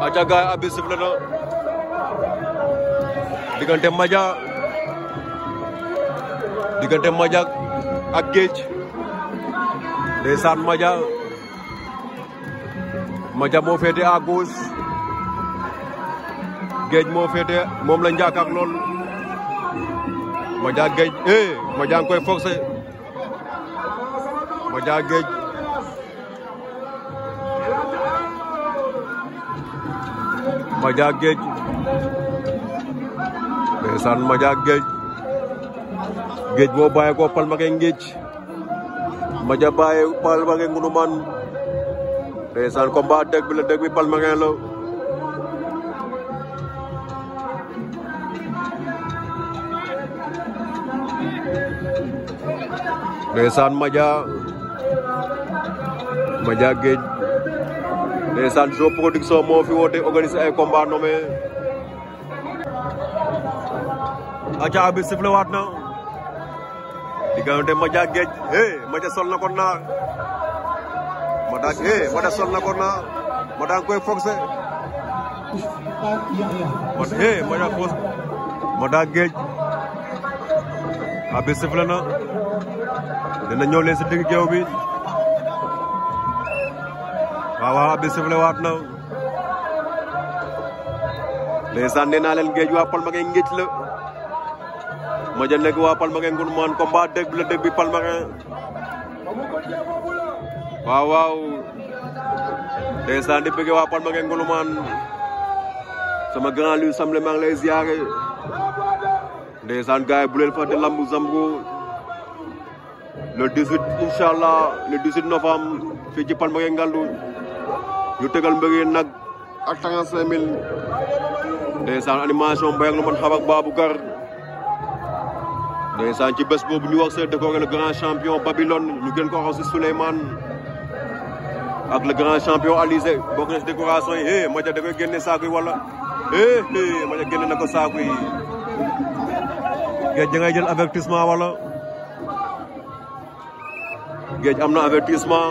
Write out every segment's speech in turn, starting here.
Madia gaay abi sifle na diggante Madia diggante Madia ak Géej ndeysaan Madia Madia moo féete à gauche Géej moo féete moom la njaakaak lool Madia Géej eh Madia ngi koy forcé Madia Géej Madia Guedj ndeysaan Madia Guedj Guedj moo bàyyi ko Palmarin Guedj Madia bàyyi Palmarin Ngourouman ndeysaan combat dëgg bi la dëgg bi Palmarin la ndeysaan Madia Madia Guedj ndeysaan Jo production moo fi woote organiser ay combat nommé aca abi sifle waat na diggante Madia Guedj e Madia sol na ko naar Madia e ko e Madia fos Madia Guedj abi sifle na dina ñëw leen si digg géew bi waaw waaw abbi sifle waat na ndeysaan nee naa leen géej waa Palmarin ngéej la ma ja nekk waa Palmarin ngun maan combat dëgg la dëgg bi Palmarin waaw waaw di bëgg waa Palmarin ngun maan sama grand lu samle maa ngi lay ziare gaay bu fa di lambu Zambro le 18 incha allah le 18 novembre fii ci Palmarin ñu tegal mbëggee nag ak trente cinq mille ndeysaan animation mbay ak lu man xabak Baboucar ndeysaan ci bés boobu ñu wax se décoré le grand champion Babylone ñu gën ko wax si Souleymane ak le grand champion Alizé bokk na si décoration yi é Madia da koy génne saaku yi wala é é Madia génne na ko saaku yi géej jël avertissement wala géej am na avertissement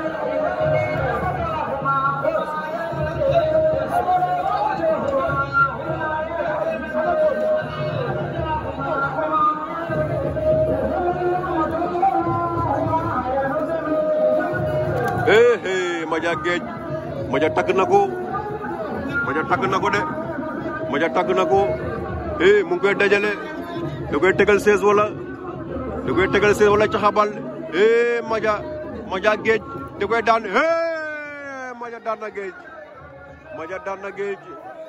ehe Madiang Guedj Madiang tagg na ko Madiang tagg na ko de Madiang tagg na ko eh mu ngi koy dajale da koy tegal seize wala da koy tegal seize wala caxabal eh Madiang Madiang Guedj da koy daan eh Madiang daan na Guedj Madiang daan na Guedj